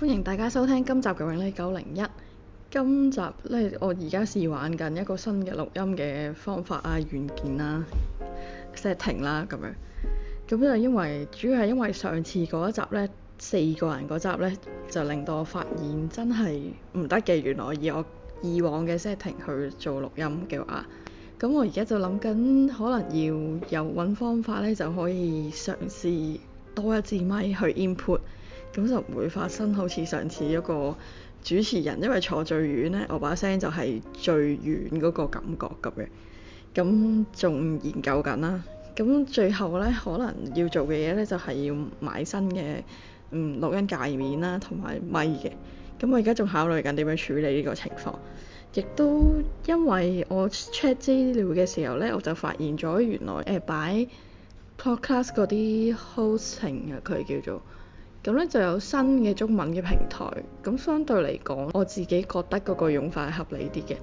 歡迎大家收聽今集嘅永利九零一。今集呢，我而家試玩緊一個新嘅錄音嘅方法啊、軟件啦，setting 啦咁樣。咁就因為主要係因為上次嗰一集呢，四個人嗰集呢，就令到我發現真係唔得嘅。原來以我以往嘅 setting 去做錄音嘅話，咁我而家就諗緊可能要有揾方法呢，就可以嘗試多一支咪去 input。咁就唔會發生好似上次嗰個主持人，因為坐最遠呢，我把聲就係最遠嗰個感覺咁樣。咁仲研究緊啦。咁最後呢，可能要做嘅嘢呢，就係要買新嘅嗯錄音界面啦，同埋咪嘅。咁我而家仲考慮緊點樣處理呢個情況。亦都因為我 check 資料嘅時候呢，我就發現咗原來誒、呃、擺 podcast 嗰啲 hosting 啊，佢叫做。咁咧就有新嘅中文嘅平台，咁相對嚟講，我自己覺得嗰個用法係合理啲嘅，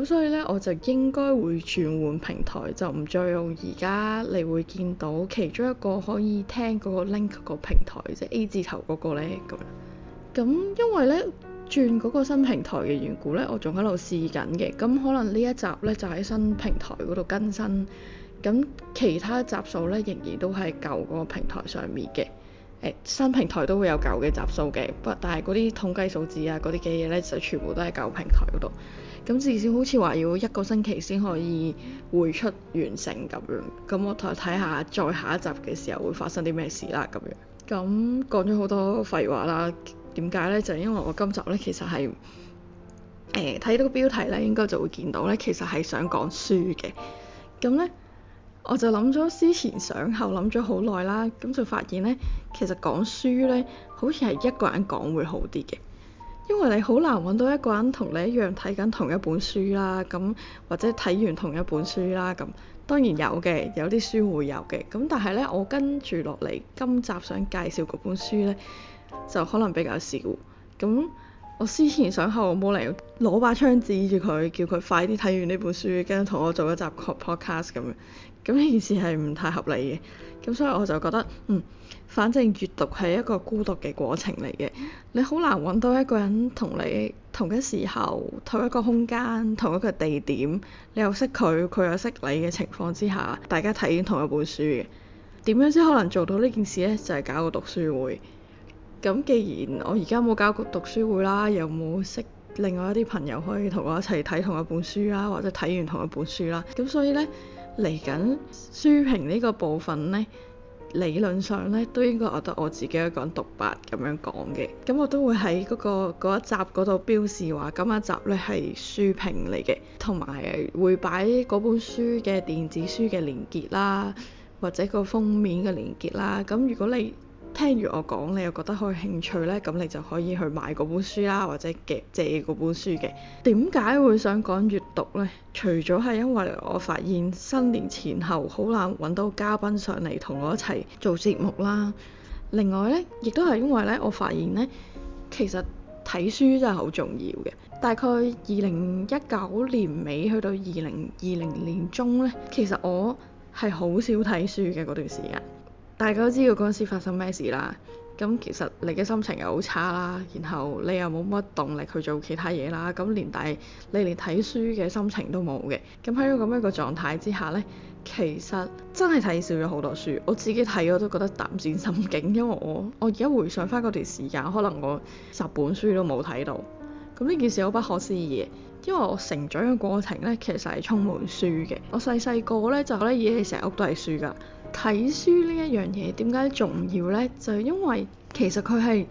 咁所以呢，我就應該會轉換平台，就唔再用而家你會見到其中一個可以聽嗰個 Link 個平台，即係 A 字頭嗰個咧咁。咁因為呢轉嗰個新平台嘅緣故呢，我仲喺度試緊嘅，咁可能呢一集呢，就喺新平台嗰度更新，咁其他集數呢，仍然都係舊嗰個平台上面嘅。誒新平台都會有舊嘅集數嘅，不，但係嗰啲統計數字啊，嗰啲嘅嘢咧就全部都喺舊平台嗰度。咁至少好似話要一個星期先可以匯出完成咁樣。咁我睇下再下一集嘅時候會發生啲咩事啦咁樣。咁講咗好多廢話啦，點解咧？就因為我今集咧其實係誒睇到個標題咧，應該就會見到咧，其實係想講書嘅。咁咧。我就諗咗思前想後，諗咗好耐啦，咁就發現呢，其實講書呢，好似係一個人講會好啲嘅，因為你好難揾到一個人同你一樣睇緊同一本書啦，咁或者睇完同一本書啦，咁當然有嘅，有啲書會有嘅，咁但係呢，我跟住落嚟今集想介紹嗰本書呢，就可能比較少。咁我思前想後，冇理由攞把槍指住佢，叫佢快啲睇完呢本書，跟住同我做一集 podcast 咁樣。咁呢件事係唔太合理嘅，咁所以我就覺得，嗯，反正閱讀係一個孤獨嘅過程嚟嘅，你好難揾到一個人同你同一時候同一個空間同一個地點，你又識佢，佢又識你嘅情況之下，大家睇完同一本書嘅，點樣先可能做到呢件事呢？就係搞個讀書會。咁既然我而家冇搞過讀書會啦，又冇識另外一啲朋友可以同我一齊睇同一本書啦，或者睇完同一本書啦，咁所以呢。嚟緊書評呢個部分呢，理論上呢，都應該，我覺得我自己一個人獨白咁樣講嘅。咁我都會喺嗰、嗰個嗰一集嗰度標示話，咁一集呢係書評嚟嘅，同埋會擺嗰本書嘅電子書嘅連結啦，或者個封面嘅連結啦。咁如果你聽住我講，你又覺得可以興趣呢？咁你就可以去買嗰本書啦，或者借嗰本書嘅。點解會想講閱讀呢？除咗係因為我發現新年前後好難揾到嘉賓上嚟同我一齊做節目啦，另外呢，亦都係因為呢，我發現呢，其實睇書真係好重要嘅。大概二零一九年尾去到二零二零年中呢，其實我係好少睇書嘅嗰段時間。大家都知道嗰陣時發生咩事啦，咁其實你嘅心情又好差啦，然後你又冇乜動力去做其他嘢啦，咁連帶你連睇書嘅心情都冇嘅，咁喺咁一個狀態之下呢，其實真係睇少咗好多書。我自己睇我都覺得膽戰心驚，因為我我而家回想返嗰段時間，可能我十本書都冇睇到，咁呢件事好不可思議嘅，因為我成長嘅過程呢，其實係充滿書嘅，我細細個呢，就咧已經成屋都係書㗎。睇書呢一樣嘢點解重要呢？就係因為其實佢係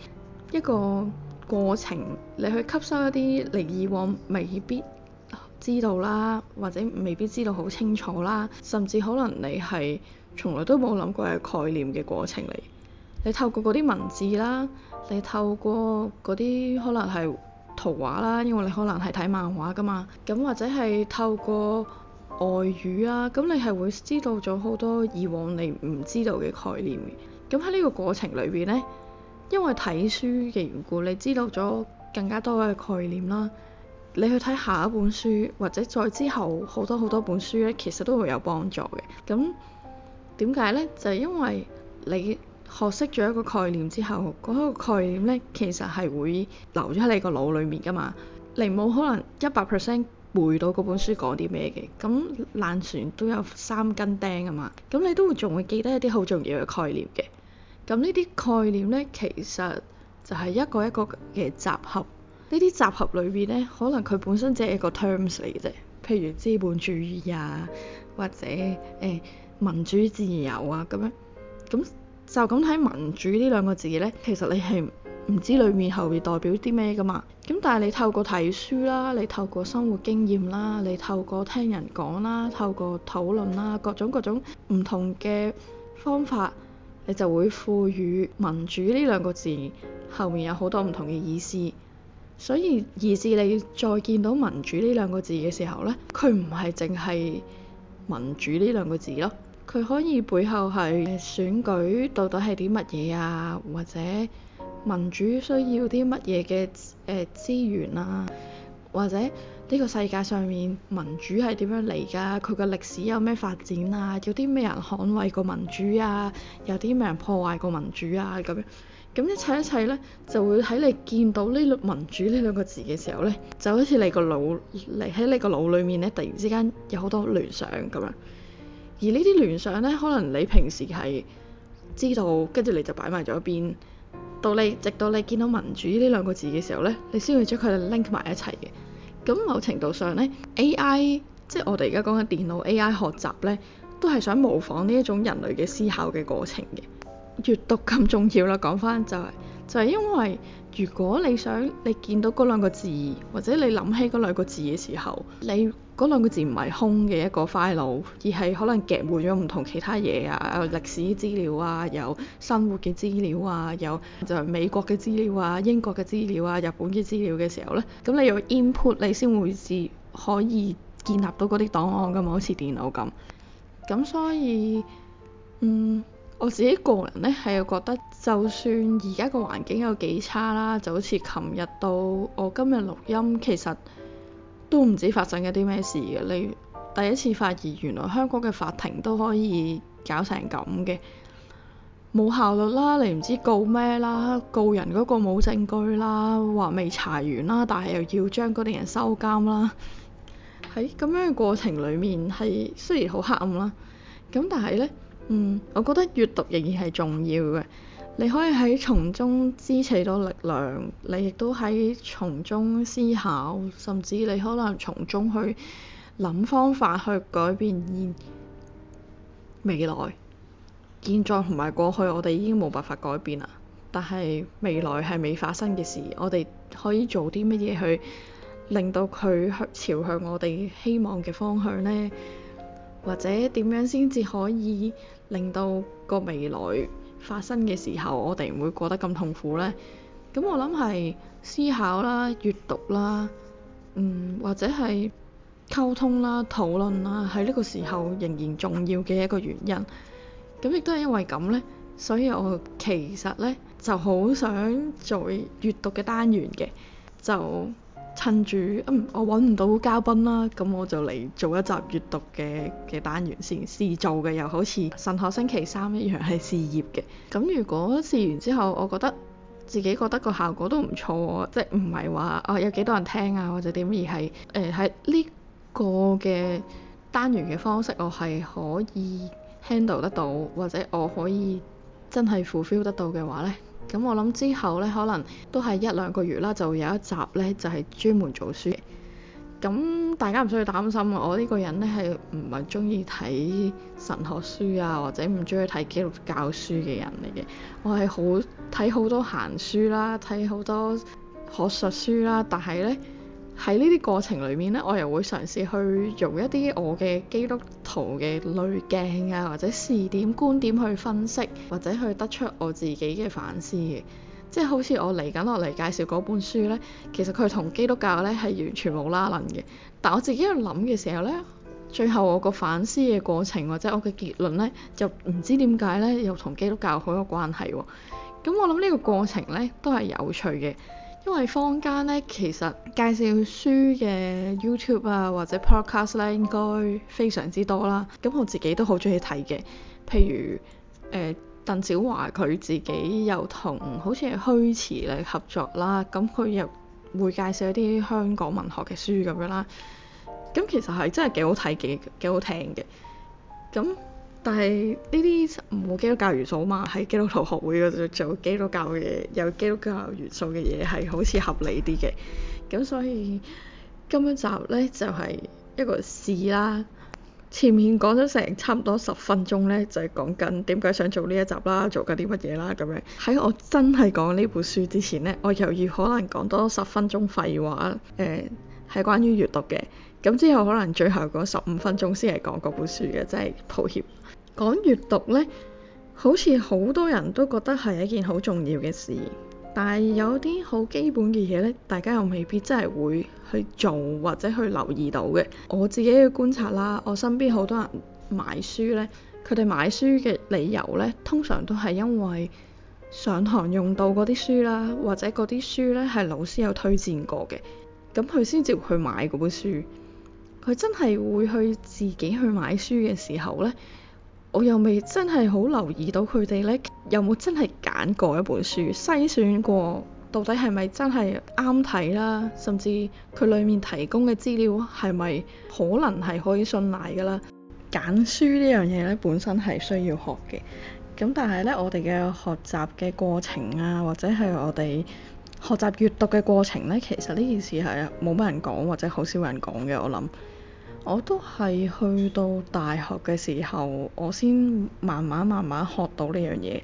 一個過程，你去吸收一啲你以往未必知道啦，或者未必知道好清楚啦，甚至可能你係從來都冇諗過嘅概念嘅過程嚟。你透過嗰啲文字啦，你透過嗰啲可能係圖畫啦，因為你可能係睇漫畫噶嘛，咁或者係透過。外語啊，咁你係會知道咗好多以往你唔知道嘅概念嘅。咁喺呢個過程裏邊呢，因為睇書嘅緣故，你知道咗更加多嘅概念啦。你去睇下一本書，或者再之後好多好多本書呢，其實都會有幫助嘅。咁點解呢？就係因為你學識咗一個概念之後，嗰個概念呢，其實係會留咗喺你個腦裡面噶嘛。你冇可能一百 percent 回到嗰本書講啲咩嘅，咁爛船都有三斤釘啊嘛，咁你都會仲會記得一啲好重要嘅概念嘅。咁呢啲概念呢，其實就係一個一個嘅集合。呢啲集合裏邊呢，可能佢本身只係一個 terms 嚟嘅啫，譬如資本主義啊，或者誒、欸、民主自由啊咁樣。咁就咁睇民主呢兩個字呢，其實你係。唔知裏面後面代表啲咩㗎嘛？咁但係你透過睇書啦，你透過生活經驗啦，你透過聽人講啦，透過討論啦，各種各種唔同嘅方法，你就會賦予民主呢兩個字後面有好多唔同嘅意思。所以，以至你再見到民主呢兩個字嘅時候呢，佢唔係淨係民主呢兩個字咯，佢可以背後係選舉到底係啲乜嘢啊，或者？民主需要啲乜嘢嘅誒資源啊？或者呢個世界上面民主係點樣嚟㗎？佢個歷史有咩發展啊？有啲咩人捍衞過民主啊？有啲咩人破壞過民主啊？咁樣咁一切一切呢，就會喺你見到呢類民主呢兩個字嘅時候呢，就好似你個腦嚟喺你個腦裡面呢，突然之間有好多聯想咁樣。而呢啲聯想呢，可能你平時係知道，跟住你就擺埋咗一邊。到你直到你見到民主呢兩個字嘅時候咧，你先會將佢哋 link 埋一齊嘅。咁某程度上咧，A.I. 即係我哋而家講嘅電腦 A.I. 學習咧，都係想模仿呢一種人類嘅思考嘅過程嘅。閱讀咁重要啦，講翻就係、是、就係、是、因為，如果你想你見到嗰兩個字，或者你諗起嗰兩個字嘅時候，你嗰兩個字唔係空嘅一個 file，而係可能夾滿咗唔同其他嘢啊，有歷史資料啊，有生活嘅資料啊，有就係美國嘅資料啊、英國嘅資料啊、日本嘅資料嘅時候呢，咁你要 input 你先會至可以建立到嗰啲檔案噶嘛，好似電腦咁。咁所以，嗯。我自己個人呢，係覺得，就算而家個環境有幾差啦，就好似琴日到我今日錄音，其實都唔知發生咗啲咩事嘅。你第一次發現，原來香港嘅法庭都可以搞成咁嘅，冇效率啦，你唔知告咩啦，告人嗰個冇證據啦，話未查完啦，但係又要將嗰啲人收監啦。喺 咁樣嘅過程裡面，係雖然好黑暗啦，咁但係呢。嗯，我覺得閱讀仍然係重要嘅。你可以喺從中支持到力量，你亦都喺從中思考，甚至你可能從中去諗方法去改變現未來、現在同埋過去，我哋已經冇辦法改變啦。但係未來係未發生嘅事，我哋可以做啲乜嘢去令到佢朝向我哋希望嘅方向呢？或者點樣先至可以令到個未來發生嘅時候，我哋唔會過得咁痛苦呢？咁我諗係思考啦、閱讀啦，嗯，或者係溝通啦、討論啦，喺呢個時候仍然重要嘅一個原因。咁亦都係因為咁呢，所以我其實呢就好想做閱讀嘅單元嘅，就。趁住嗯，我揾唔到嘉賓啦，咁我就嚟做一集閱讀嘅嘅單元先試做嘅，又好似神學星期三一樣係試業嘅。咁如果試完之後，我覺得自己覺得個效果都唔錯喎，即係唔係話啊有幾多人聽啊或者點，而係誒喺呢個嘅單元嘅方式，我係可以 handle 得到，或者我可以真係 fulfill 得到嘅話呢。咁我諗之後呢，可能都係一兩個月啦，就有一集呢，就係專門做書嘅。咁大家唔需要擔心，我呢個人呢，係唔係中意睇神學書啊，或者唔中意睇基督教書嘅人嚟嘅。我係好睇好多閒書啦，睇好多學術書啦，但係呢。喺呢啲過程裏面呢，我又會嘗試去用一啲我嘅基督徒嘅濾鏡啊，或者視點、觀點去分析，或者去得出我自己嘅反思嘅。即係好似我嚟緊落嚟介紹嗰本書呢，其實佢同基督教呢係完全冇拉楞嘅。但我自己喺度諗嘅時候呢，最後我個反思嘅過程或者我嘅結論呢，就唔知點解呢，又同基督教好有關係喎。咁我諗呢個過程呢，都係有趣嘅。因為坊間咧，其實介紹書嘅 YouTube 啊，或者 Podcast 咧，應該非常之多啦。咁我自己都好鍾意睇嘅，譬如誒、呃，鄧小樺佢自己又同好似虛詞嚟合作啦，咁佢又會介紹一啲香港文學嘅書咁樣啦。咁其實係真係幾好睇，幾幾好聽嘅。咁但係呢啲唔冇基督教元素啊嘛，喺基督徒學會度做基督教嘅嘢，有基督教元素嘅嘢係好似合理啲嘅。咁所以今一集呢，就係、是、一個試啦。前面講咗成差唔多十分鐘呢，就係講緊點解想做呢一集啦，做緊啲乜嘢啦咁樣。喺我真係講呢本書之前呢，我猶豫可能講多十分鐘廢話，誒、呃、係關於閱讀嘅。咁之後可能最後嗰十五分鐘先係講嗰本書嘅，真係抱歉。講閱讀呢，好似好多人都覺得係一件好重要嘅事，但係有啲好基本嘅嘢呢，大家又未必真係會去做或者去留意到嘅。我自己嘅觀察啦，我身邊好多人買書呢，佢哋買書嘅理由呢，通常都係因為上堂用到嗰啲書啦，或者嗰啲書呢係老師有推薦過嘅，咁佢先至去買嗰本書。佢真係會去自己去買書嘅時候呢，我又未真係好留意到佢哋呢有冇真係揀過一本書，篩選過到底係咪真係啱睇啦，甚至佢裡面提供嘅資料係咪可能係可以信賴㗎啦？揀書呢樣嘢呢，本身係需要學嘅。咁但係呢，我哋嘅學習嘅過程啊，或者係我哋。學習閱讀嘅過程呢，其實呢件事係冇乜人講，或者好少有人講嘅。我諗我都係去到大學嘅時候，我先慢慢慢慢學到呢樣嘢。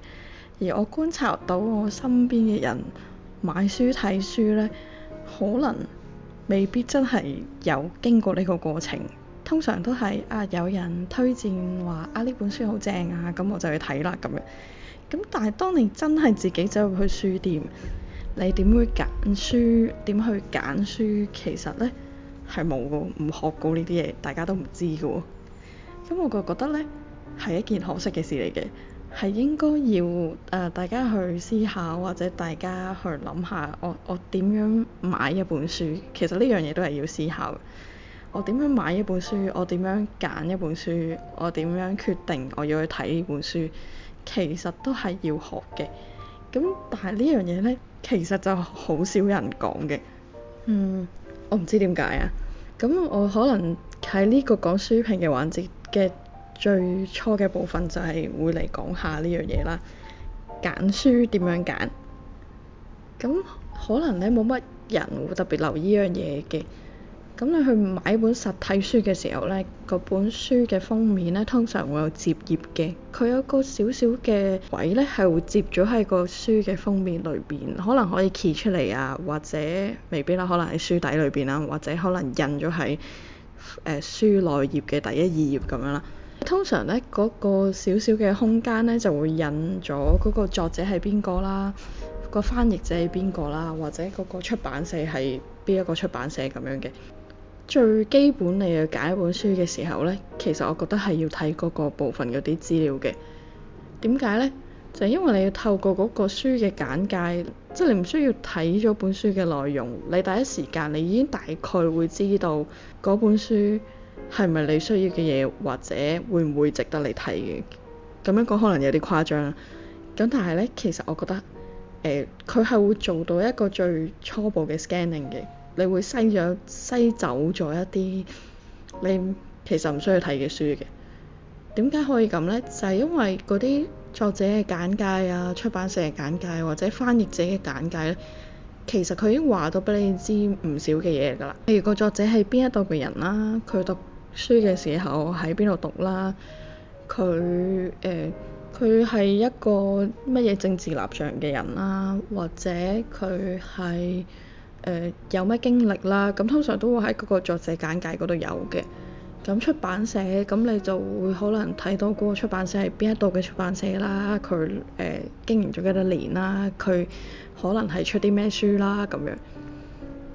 而我觀察到我身邊嘅人買書睇書咧，可能未必真係有經過呢個過程。通常都係啊，有人推薦話啊，呢本書好正啊，咁我就去睇啦咁樣。咁但係當你真係自己走去書店。你點會揀書？點去揀書？其實呢，係冇唔學過呢啲嘢，大家都唔知嘅。咁我就覺得呢，係一件可惜嘅事嚟嘅，係應該要誒、呃、大家去思考，或者大家去諗下，我我點樣買一本書？其實呢樣嘢都係要思考。我點樣買一本書？我點樣揀一本書？我點樣決定我要去睇一本書？其實都係要學嘅。咁但係呢樣嘢呢。其實就好少人講嘅，嗯，我唔知點解啊。咁我可能喺呢個講書評嘅環節嘅最初嘅部分，就係會嚟講下呢樣嘢啦。揀書點樣揀？咁可能咧冇乜人會特別留意呢樣嘢嘅。咁你去買本實體書嘅時候呢，嗰本書嘅封面呢，通常會有折頁嘅，佢有個少少嘅位呢，係會折咗喺個書嘅封面裏邊，可能可以揭出嚟啊，或者未必啦，可能喺書底裏邊啦，或者可能印咗喺誒書內頁嘅第一二頁咁樣啦。通常呢，嗰個少少嘅空間呢，就會印咗嗰個作者係邊個啦，個翻譯者係邊個啦，或者嗰個出版社係邊一個出版社咁樣嘅。最基本你去揀一本書嘅時候呢，其實我覺得係要睇嗰個部分嗰啲資料嘅。點解呢？就係、是、因為你要透過嗰個書嘅簡介，即、就、係、是、你唔需要睇咗本書嘅內容，你第一時間你已經大概會知道嗰本書係唔係你需要嘅嘢，或者會唔會值得你睇嘅。咁樣講可能有啲誇張啦。咁但係呢，其實我覺得，誒、呃，佢係會做到一個最初步嘅 scanning 嘅。你會篩咗篩走咗一啲你其實唔需要睇嘅書嘅。點解可以咁呢？就係因為嗰啲作者嘅簡介啊、出版社嘅簡介或者翻譯者嘅簡介咧，其實佢已經話到俾你知唔少嘅嘢㗎啦。譬如個作者係邊一度嘅人啦、啊，佢讀書嘅時候喺邊度讀啦、啊，佢誒佢係一個乜嘢政治立場嘅人啦、啊，或者佢係。誒、呃、有咩經歷啦，咁通常都會喺嗰個作者簡介嗰度有嘅。咁出版社，咁你就會可能睇到嗰個出版社係邊一度嘅出版社啦，佢誒、呃、經營咗幾多年啦，佢可能係出啲咩書啦咁樣。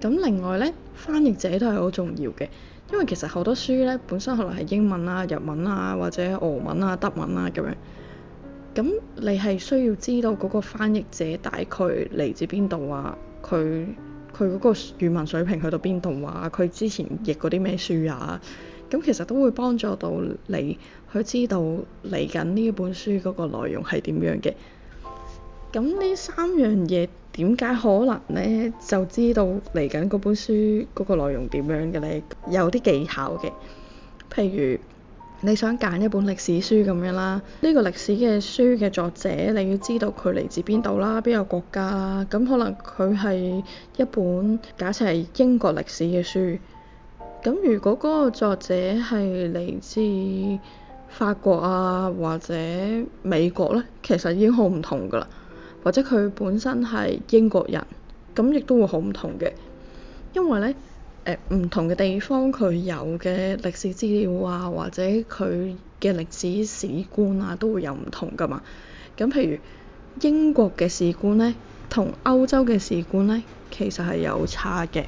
咁另外咧，翻譯者都係好重要嘅，因為其實好多書咧本身可能係英文啊、日文啊或者俄文啊、德文啊咁樣。咁你係需要知道嗰個翻譯者大概嚟自邊度啊，佢。佢嗰個語文水平去到邊度啊？佢之前譯過啲咩書啊？咁其實都會幫助到你去知道嚟緊呢本書嗰個內容係點樣嘅。咁呢三樣嘢點解可能咧就知道嚟緊嗰本書嗰個內容點樣嘅咧？有啲技巧嘅，譬如。你想揀一本歷史書咁樣啦，呢個歷史嘅書嘅作者，你要知道佢嚟自邊度啦，邊個國家啦，咁可能佢係一本假設係英國歷史嘅書，咁如果嗰個作者係嚟自法國啊或者美國呢，其實已經好唔同噶啦，或者佢本身係英國人，咁亦都會好唔同嘅，因為呢。呃，唔同嘅地方，佢有嘅歷史資料啊，或者佢嘅歷史史觀啊，都會有唔同噶嘛。咁譬如英國嘅史觀呢，同歐洲嘅史觀呢，其實係有差嘅，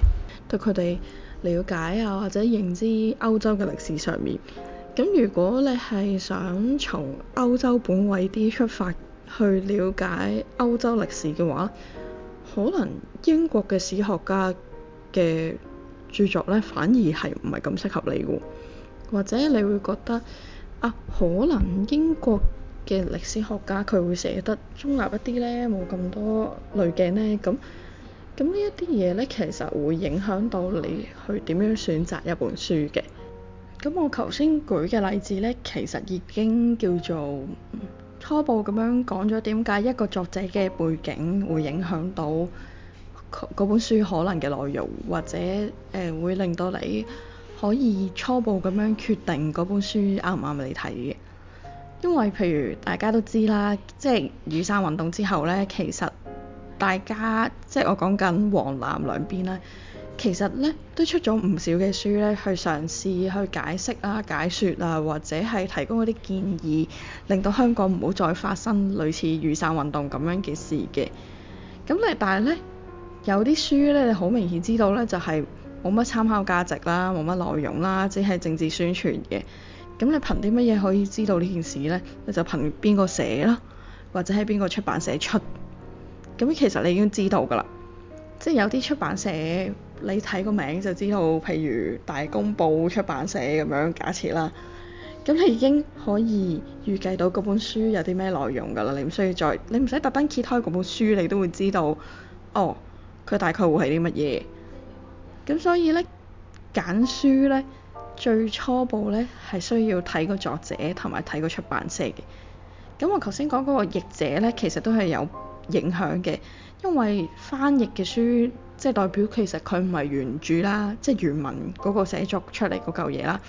對佢哋了解啊，或者認知歐洲嘅歷史上面。咁如果你係想從歐洲本位啲出發去了解歐洲歷史嘅話，可能英國嘅史學家嘅，著作咧，反而係唔係咁適合你嘅，或者你會覺得啊，可能英國嘅歷史學家佢會寫得中立一啲咧，冇咁多濾鏡咧，咁咁呢一啲嘢咧，其實會影響到你去點樣選擇一本書嘅。咁我頭先舉嘅例子咧，其實已經叫做初步咁樣講咗點解一個作者嘅背景會影響到。嗰本書可能嘅內容，或者誒、呃、會令到你可以初步咁樣決定嗰本書啱唔啱你睇嘅。因為譬如大家都知啦，即係雨傘運動之後咧，其實大家即係我講緊黃藍兩邊咧，其實咧都出咗唔少嘅書咧，去嘗試去解釋啊、解説啊，或者係提供一啲建議，令到香港唔好再發生類似雨傘運動咁樣嘅事嘅。咁咧，但係咧。有啲書咧，你好明顯知道咧，就係冇乜參考價值啦，冇乜內容啦，只係政治宣傳嘅。咁你憑啲乜嘢可以知道呢件事咧？你就憑邊個寫咯，或者喺邊個出版社出。咁其實你已經知道㗎啦。即係有啲出版社，你睇個名就知道，譬如大公報出版社咁樣，假設啦。咁你已經可以預計到嗰本書有啲咩內容㗎啦。你唔需要再，你唔使特登揭開嗰本書，你都會知道。哦。佢大概會係啲乜嘢？咁所以咧，揀書咧，最初步咧係需要睇個作者同埋睇個出版社嘅。咁我頭先講嗰個譯者咧，其實都係有影響嘅，因為翻譯嘅書，即係代表其實佢唔係原著啦，即係原文嗰個寫作出嚟嗰嚿嘢啦。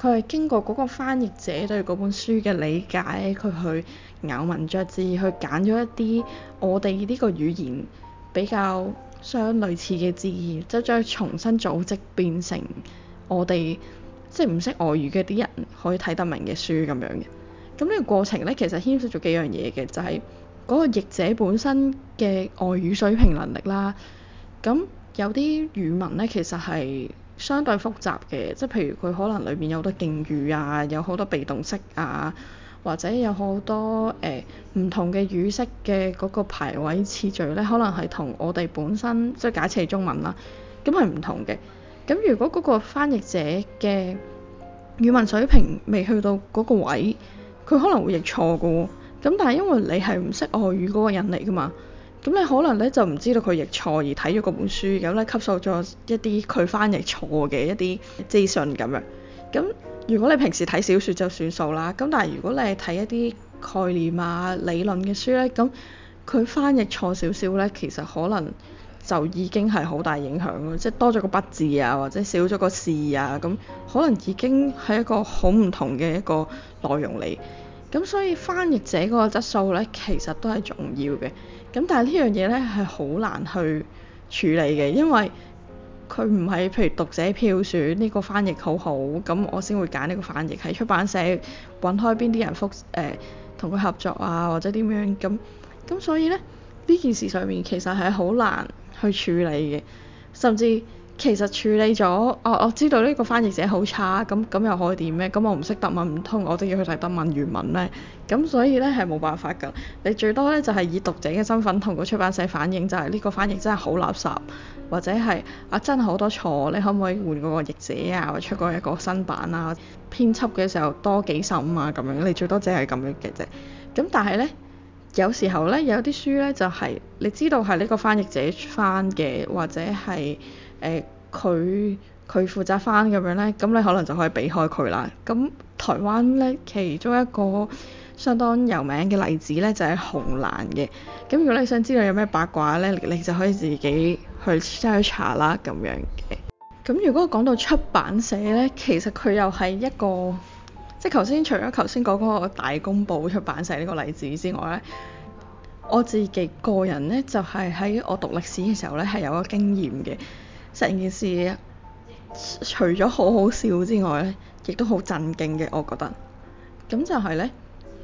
佢係經過嗰個翻譯者對嗰本書嘅理解，佢去咬文嚼字，去揀咗一啲我哋呢個語言比較相類似嘅字義，即將重新組織變成我哋即係唔識外語嘅啲人可以睇得明嘅書咁樣。咁呢個過程咧，其實牽涉咗幾樣嘢嘅，就係嗰個譯者本身嘅外語水平能力啦。咁有啲語文咧，其實係相對複雜嘅，即譬如佢可能裏面有好多敬語啊，有好多被動式啊。或者有好多誒唔、欸、同嘅語式嘅嗰個排位次序咧，可能係同我哋本身即係假設係中文啦，咁係唔同嘅。咁如果嗰個翻譯者嘅語文水平未去到嗰個位，佢可能會譯錯嘅喎。咁但係因為你係唔識外語嗰個人嚟㗎嘛，咁你可能咧就唔知道佢譯錯而睇咗嗰本書，有咧吸收咗一啲佢翻譯錯嘅一啲資訊咁樣。咁如果你平時睇小說就算數啦，咁但係如果你係睇一啲概念啊理論嘅書咧，咁佢翻譯錯少少咧，其實可能就已經係好大影響咯，即係多咗個不字啊，或者少咗個字啊，咁可能已經係一個好唔同嘅一個內容嚟。咁所以翻譯者嗰個質素咧，其實都係重要嘅。咁但係呢樣嘢咧係好難去處理嘅，因為佢唔係譬如讀者票選呢個翻譯好好，咁我先會揀呢個翻譯，係出版社揾開邊啲人覆誒同佢合作啊，或者點樣咁，咁所以呢，呢件事上面其實係好難去處理嘅，甚至。其實處理咗，我、哦、我知道呢個翻譯者好差，咁咁又可以點呢？咁我唔識德文唔通，我都要去睇德文原文咩？咁所以呢，係冇辦法㗎。你最多呢，就係、是、以讀者嘅身份同個出版社反映，就係、是、呢個翻譯真係好垃圾，或者係啊真係好多錯，你可唔可以換嗰個譯者啊？或者出過一個新版啊，編輯嘅時候多幾審啊咁樣。你最多淨係咁樣嘅啫。咁但係呢，有時候呢，有啲書呢，就係、是、你知道係呢個翻譯者翻嘅，或者係。誒佢佢負責翻咁樣咧，咁你可能就可以避開佢啦。咁台灣咧，其中一個相當有名嘅例子咧，就係洪蘭嘅。咁如果你想知道有咩八卦咧，你就可以自己去 search 啦，咁樣嘅。咁如果講到出版社咧，其實佢又係一個即係頭先除咗頭先講嗰個大公報出版社呢個例子之外咧，我自己個人咧就係喺我讀歷史嘅時候咧係有個經驗嘅。成件事除咗好好笑之外咧，亦都好震驚嘅。我覺得咁就係咧，誒、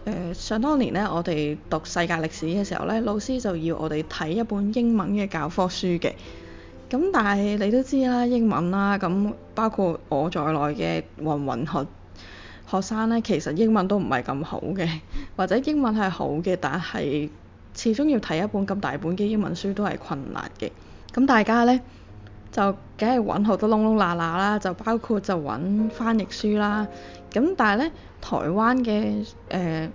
呃、上當年想當年咧，我哋讀世界歷史嘅時候咧，老師就要我哋睇一本英文嘅教科書嘅。咁但係你都知啦，英文啦、啊，咁包括我在內嘅芸芸學學生咧，其實英文都唔係咁好嘅，或者英文係好嘅，但係始終要睇一本咁大本嘅英文書都係困難嘅。咁大家咧，就梗係揾好多窿窿罅罅啦，就包括就揾翻譯書啦。咁但係咧，台灣嘅誒、呃、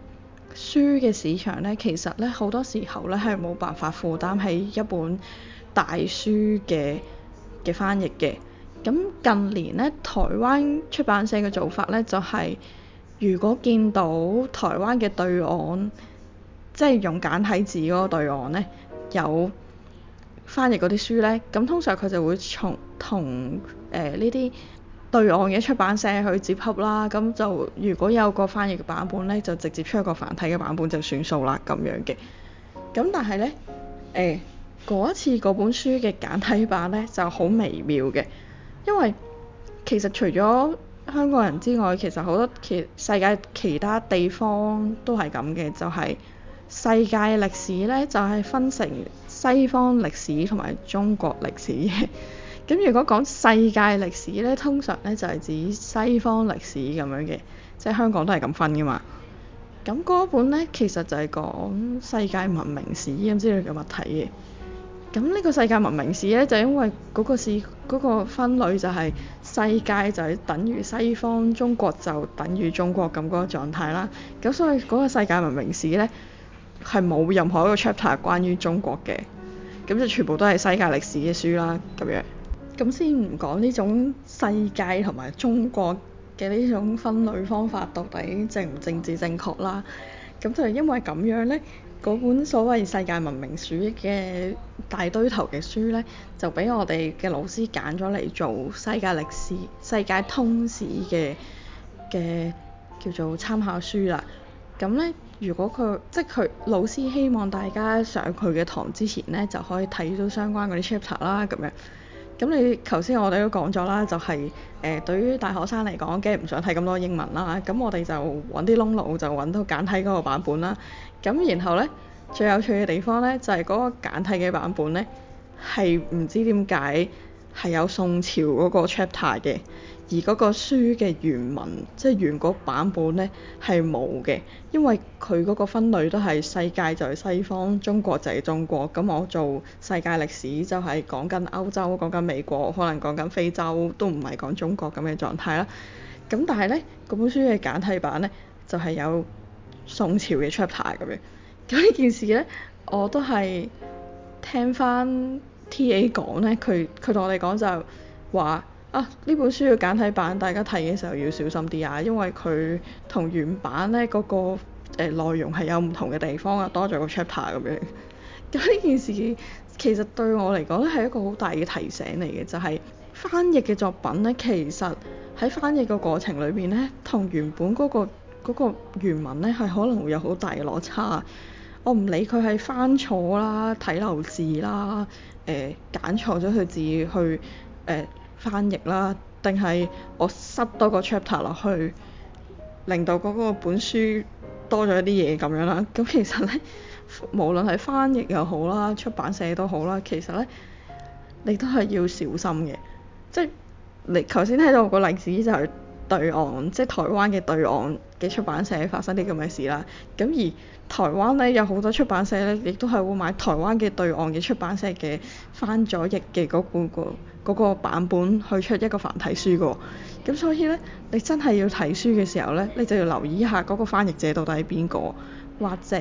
書嘅市場咧，其實咧，好多時候咧，係冇辦法負擔起一本大書嘅嘅翻譯嘅。咁近年咧，台灣出版社嘅做法咧就係、是，如果見到台灣嘅對岸，即、就、係、是、用簡體字嗰個對岸咧有。翻譯嗰啲書呢，咁通常佢就會從同誒呢啲對岸嘅出版社去接洽啦，咁就如果有個翻譯嘅版本呢，就直接出一個繁體嘅版本就算數啦，咁樣嘅。咁但係呢，誒、呃、嗰次嗰本書嘅簡體版呢就好微妙嘅，因為其實除咗香港人之外，其實好多其世界其他地方都係咁嘅，就係、是。世界歷史咧就係、是、分成西方歷史同埋中國歷史嘅。咁 如果講世界歷史咧，通常咧就係指西方歷史咁樣嘅，即係香港都係咁分噶嘛。咁、那、嗰、個、本咧其實就係講世界文明史咁之類嘅話題嘅。咁呢個世界文明史咧，就因為嗰個史、那個、分類就係世界就係等於西方，中國就等於中國咁嗰個狀態啦。咁所以嗰個世界文明史咧，係冇任何一個 chapter 關於中國嘅，咁就全部都係世界歷史嘅書啦，咁樣。咁先唔講呢種世界同埋中國嘅呢種分類方法到底正唔正，政治正確啦，咁就係因為咁樣呢，嗰本所謂世界文明史嘅大堆頭嘅書呢，就俾我哋嘅老師揀咗嚟做世界歷史、世界通史嘅嘅叫做參考書啦，咁呢。如果佢即係佢老師希望大家上佢嘅堂之前咧，就可以睇到相關嗰啲 chapter 啦咁樣。咁你頭先我哋都講咗啦，就係、是、誒、呃、對於大學生嚟講，梗係唔想睇咁多英文啦。咁我哋就揾啲窿路，就揾到簡體嗰個版本啦。咁然後咧，最有趣嘅地方咧，就係、是、嗰個簡體嘅版本咧，係唔知點解。係有宋朝嗰個 chapter 嘅，而嗰個書嘅原文即係原嗰版本咧係冇嘅，因為佢嗰個分類都係世界就係西方，中國就係中國，咁我做世界歷史就係講緊歐洲，講緊美國，可能講緊非洲都唔係講中國咁嘅狀態啦。咁但係咧，嗰本書嘅簡體版咧就係有宋朝嘅 chapter 咁樣。咁呢件事咧，我都係聽翻。T.A 講咧，佢佢同我哋講就話、係、啊，呢本書要簡體版大家睇嘅時候要小心啲啊，因為佢同原版咧、嗰、嗰個誒、呃、內容係有唔同嘅地方啊，多咗個 chapter 咁樣。咁 呢件事其實對我嚟講咧係一個好大嘅提醒嚟嘅，就係、係、翻譯嘅作品咧，其實喺翻譯嘅過程裏邊咧，同原本嗰、嗰個嗰個原文咧係可能會有好大嘅落差。我唔理佢係翻、呃、錯啦、睇漏字啦、誒揀錯咗佢字去誒翻譯啦，定係我塞多個 chapter 落去，令到嗰本書多咗啲嘢咁樣啦。咁其實咧，無論係翻譯又好啦、出版社都好啦，其實咧你都係要小心嘅。即係你頭先睇到個例子就係、是，對岸，即係台灣嘅對岸嘅出版社發生啲咁嘅事啦。咁而台灣咧有好多出版社咧，亦都係會買台灣嘅對岸嘅出版社嘅翻咗譯嘅嗰、嗰個、嗰個版本去出一個繁體書嘅。咁所以咧，你真係要睇書嘅時候咧，你就要留意下嗰個翻譯者到底係邊個，或者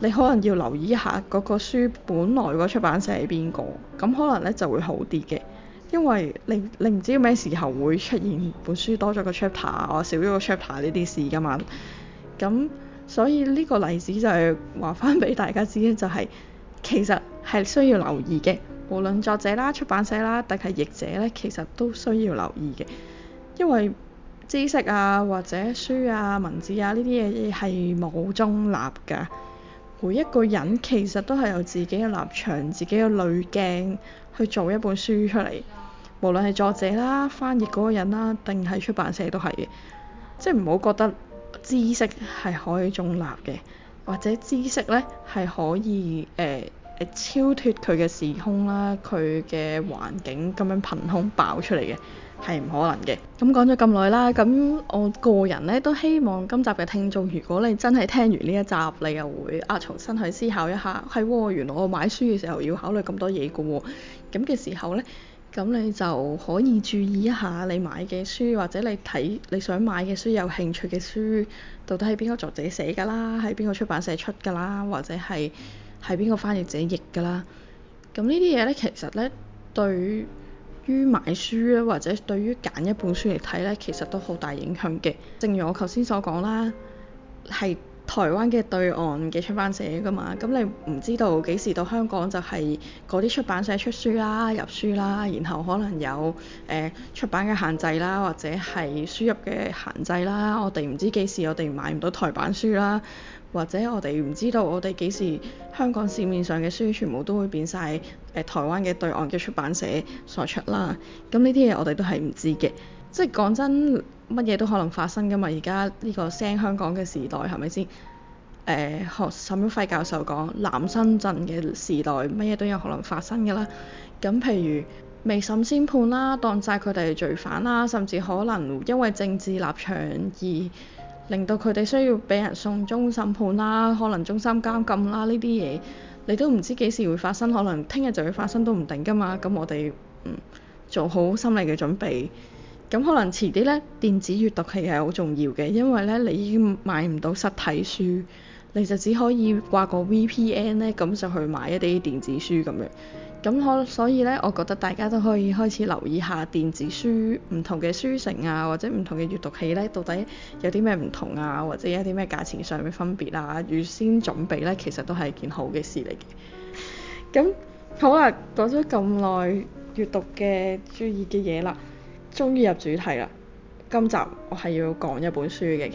你可能要留意一下嗰個書本來嘅出版社係邊個，咁可能咧就會好啲嘅。因為你你唔知咩時候會出現本書多咗個 chapter 我少咗個 chapter 呢啲事噶嘛。咁所以呢個例子就係話翻俾大家知咧，就係、是、其實係需要留意嘅，無論作者啦、出版社啦，定係譯者咧，其實都需要留意嘅。因為知識啊、或者書啊、文字啊呢啲嘢係冇中立噶。每一個人其實都係有自己嘅立場、自己嘅濾鏡。去做一本書出嚟，無論係作者啦、翻譯嗰個人啦，定係出版社都係嘅，即係唔好覺得知識係可以中立嘅，或者知識呢係可以誒、呃、超脫佢嘅時空啦、佢嘅環境咁樣憑空爆出嚟嘅，係唔可能嘅。咁講咗咁耐啦，咁我個人呢都希望今集嘅聽眾，如果你真係聽完呢一集，你又會啊重新去思考一下，係喎，原來我買書嘅時候要考慮咁多嘢㗎喎。咁嘅時候咧，咁你就可以注意一下你買嘅書，或者你睇你想買嘅書，有興趣嘅書，到底係邊個作者寫㗎啦，係邊個出版社出㗎啦，或者係係邊個翻譯者譯㗎啦。咁呢啲嘢咧，其實咧對於買書咧，或者對於揀一本書嚟睇咧，其實都好大影響嘅。正如我頭先所講啦，係。台灣嘅對岸嘅出版社㗎嘛，咁你唔知道幾時到香港就係嗰啲出版社出書啦、入書啦，然後可能有誒、呃、出版嘅限制啦，或者係輸入嘅限制啦，我哋唔知幾時我哋買唔到台版書啦，或者我哋唔知道我哋幾時香港市面上嘅書全部都會變晒誒台灣嘅對岸嘅出版社所出啦，咁呢啲嘢我哋都係唔知嘅，即係講真。乜嘢都可能發生噶嘛？而家呢個聲香港嘅時代係咪先？誒，學、呃、沈旭暉教授講，南深圳嘅時代，乜嘢都有可能發生㗎啦。咁譬如未審先判啦，當晒佢哋罪犯啦，甚至可能因為政治立場而令到佢哋需要俾人送中審判啦，可能終身監禁啦，呢啲嘢，你都唔知幾時會發生，可能聽日就會發生都唔定㗎嘛。咁我哋嗯做好心理嘅準備。咁可能遲啲咧，電子閱讀器係好重要嘅，因為咧你已經買唔到實體書，你就只可以掛個 VPN 咧，咁就去買一啲電子書咁樣。咁可所以咧，我覺得大家都可以開始留意下電子書唔同嘅書城啊，或者唔同嘅閱讀器咧，到底有啲咩唔同啊，或者有啲咩價錢上嘅分別啊，預先準備咧，其實都係一件好嘅事嚟嘅。咁好啦、啊，講咗咁耐閱讀嘅注意嘅嘢啦。終於入主題啦！今集我係要講一本書嘅。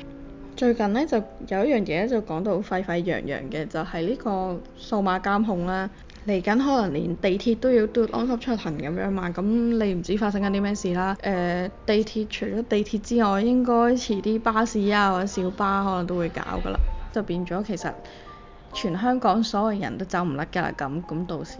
最近呢，就有一樣嘢就講到沸沸揚揚嘅，就係呢個數碼監控啦。嚟緊可能連地鐵都要嘟安心出行咁樣嘛，咁你唔知發生緊啲咩事啦。誒、呃，地鐵除咗地鐵之外，應該遲啲巴士啊或者小巴可能都會搞噶啦，就變咗其實全香港所有人都走唔甩㗎啦咁，咁到時。